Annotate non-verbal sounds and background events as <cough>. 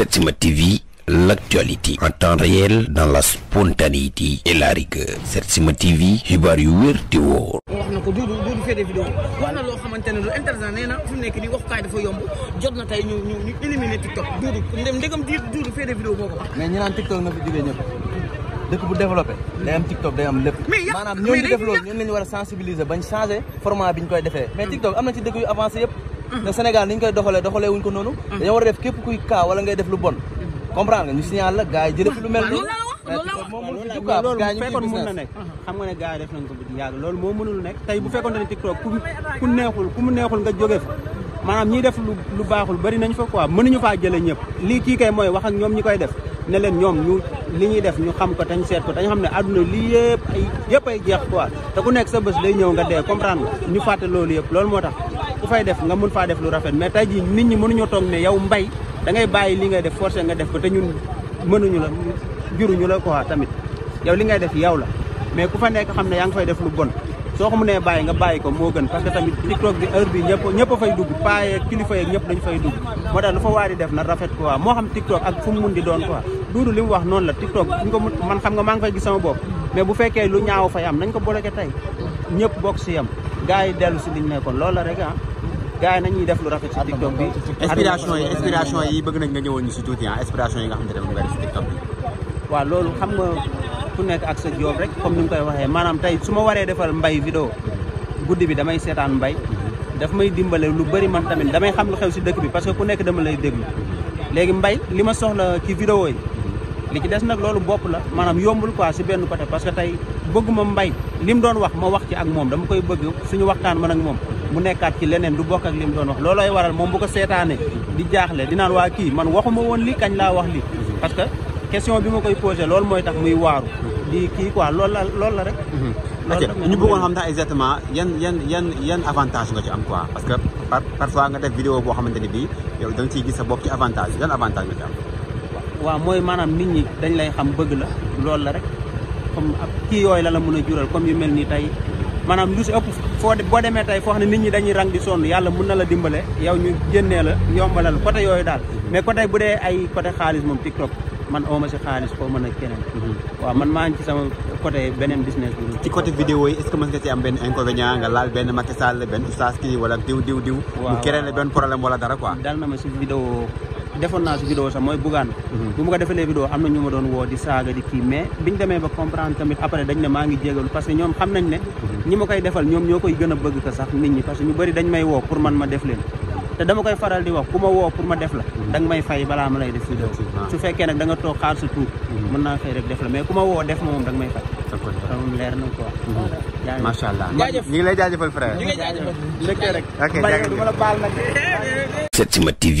Setsima TV l'actualité en temps réel dans la spontanéité et la rigueur Setsima TV xibaar yu wér te wax na ko du du du fee wax na loo xamante ne lu intéressant nee fu nekk nii waxukaay dafa yomb jot na tey ñu ñu ñu éliminer TikTok duudu ndem ndegam diir duudu mais ñi naan TikTok na fi jógee ñëpp dëkk bu développé day am TikTok day am lépp maanaam ñoom di def loolu ñu war a bañ changer format bi ñu koy defee mais mm. TikTok am na ci dëkk yu avancé ne Sénégal ni ñu koy doxalee doxalee wuñ ko noonu dañoo war a def képp kuy kaa wala ngay def lu bon comprendre nga ñu signal la gars yi jëlee fi lu mel noonu loolu fekkoon mën na nekk xam nga ne gars def nañ ko bu yàgg loolu moo mënul nekk tey bu fekkoon ne TikTok ku neexul ku mu neexul nga jóge fa maanaam ñiy def lu baaxul bari nañ fa quoi mënuñu faa jëlee ñëpp li kii kay mooy wax ak ñoom ñu koy def ne leen ñoom ñu li ñuy def ñu xam ko tañ seet ko tañ xam ne àdduna lii yëpp ay yëpp ay jeex quoi te ku nekk sa bés day ñëw nga dee comprendre nga ñu fàtte loolu yëpp loolu moo tax fay def nga mun faa def lu rafet mais tey jii nit ñi mënuñoo toog ne yow mbay da ngay bàyyi li ngay def forcé nga def ko te ñun mënuñu la juruñu la quoi tamit yow li ngay def yow la mais ku fa nekk xam ne yaa ngi fay def lu bon soo ko mënee bàyyi nga bàyyi ko moo gën parce que tamit TikTok bi heure bi ñëpp ñëpp a fay dugg paaye kilifa yeeg ñëpp dañu fay dugg moo tax lu fa waa di def na rafet quoi moo xam TikTok ak fu mu mun di doon quoi duudu li mu wax noonu la TikTok ñu ko man xam nga maa ngi fay gis sama bopp bu fekkee ñaaw fay am nañ ko bloqué tey ñëpp bokk si yam gars yi dellu si liñ nekkoon loolu la rek ah gars yi nañuy def lu rafet ci TikTok bi. inspiration yi bëgg nañ nga ñëwoon ñu si tuuti ah inspiration yi nga xamante ne waaw loolu xam nga ku nekk ak sa job rek comme ni mu koy waxee maanaam tey su ma waree defal mbay vidéo guddi bi damay seetaan mbay. daf may dimbale lu bëri man tamit damay xam lu xew si dëkk bi parce que ku nekk dama lay déglu. léegi mbay li ma soxla ci vidéo yi. li ci des nag loolu bopp la maanaam yombul quoi si benn côté parce que tey bëgguma mbay li doon wax ma wax ci ak moom dama koy bëgg suñu waxtaan man ak moom. mu nekkaat ki leneen du bokk ak li mu doon wax loolooy waral moom bu ko seetaane di jaaxle di naan waa kii man waxuma woon li kañ laa wax li parce que question bi ma koy posé loolu mooy tax muy waaru di kii quoi loolu la loolu la rek ñu bëggoon xam ndax exactement yan yan yan yan avantage nga ci am quoi parce que parfois nga def vidéo boo xamante ni bii yow da nga ciy gis sa bopp ci avantage yan avantage nga ci am waaw mooy maanaam nit ñi dañ lay xam bëgg la loolu la rek comme kii yooyu la la mun a jural comme yu mel nii tey maanaam lu si ëpp foo boo demee tey foo xam nit ñi dañuy rang di sonn yàlla mun na la dimbale yow ñu génnee la yombalal côté yooyu daal mm-hmm. mais côté bu dee ay côté xaalis moom TikTok man ooma si xaalis koo mën a keneen mm-hmm. waaw man maa ngi ci sama côté beneen business ci côté vidéo yi est-ce que mën nga ci am benn inconvénient nga laal benn Macky Sall benn oustaz kii wala diw diw diw mu créé benn problème wala dara quoi dal na ma si vidéo defoon naa si vidéo sax mooy bugaan mhm. bu ma ko defalee vidéo am na ñu ma doon woo di saaga di kii mais biñ demee ba comprendre tamit après dañ ne maa ngi jégalu parce que ñoom xam nañ ne mhm. ñi ma koy defal ñoom ñoo a bëgg ma leen te dama koy faral di wax ku woo pour ma def la mhm. da nga may fay ma lay def vidéo ah. su fekkee nag da nga toog xaar sa tuut mën naa fay rek def la mais ku ma ma moom da ñu ngi lay jaajëfal frère <laughs> Septima TV